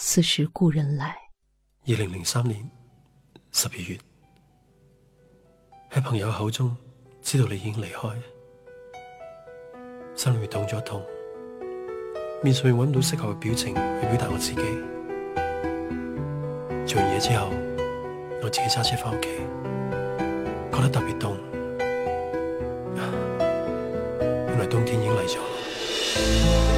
似是故人來。二零零三年十二月，喺朋友的口中知道你已經離開了，心裏邊痛咗一痛，面上又揾唔到適合嘅表情去表達我自己。做完嘢之後，我自己揸車翻屋企，覺得特別凍，原來冬天已經嚟咗。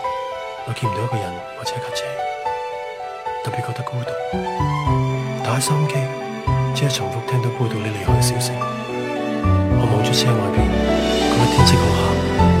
我見唔到一個人或者架車，特別覺得孤獨。打開收音機只係重複聽到報道你離開嘅消息。我望住車外邊，嗰、那個天色好黑。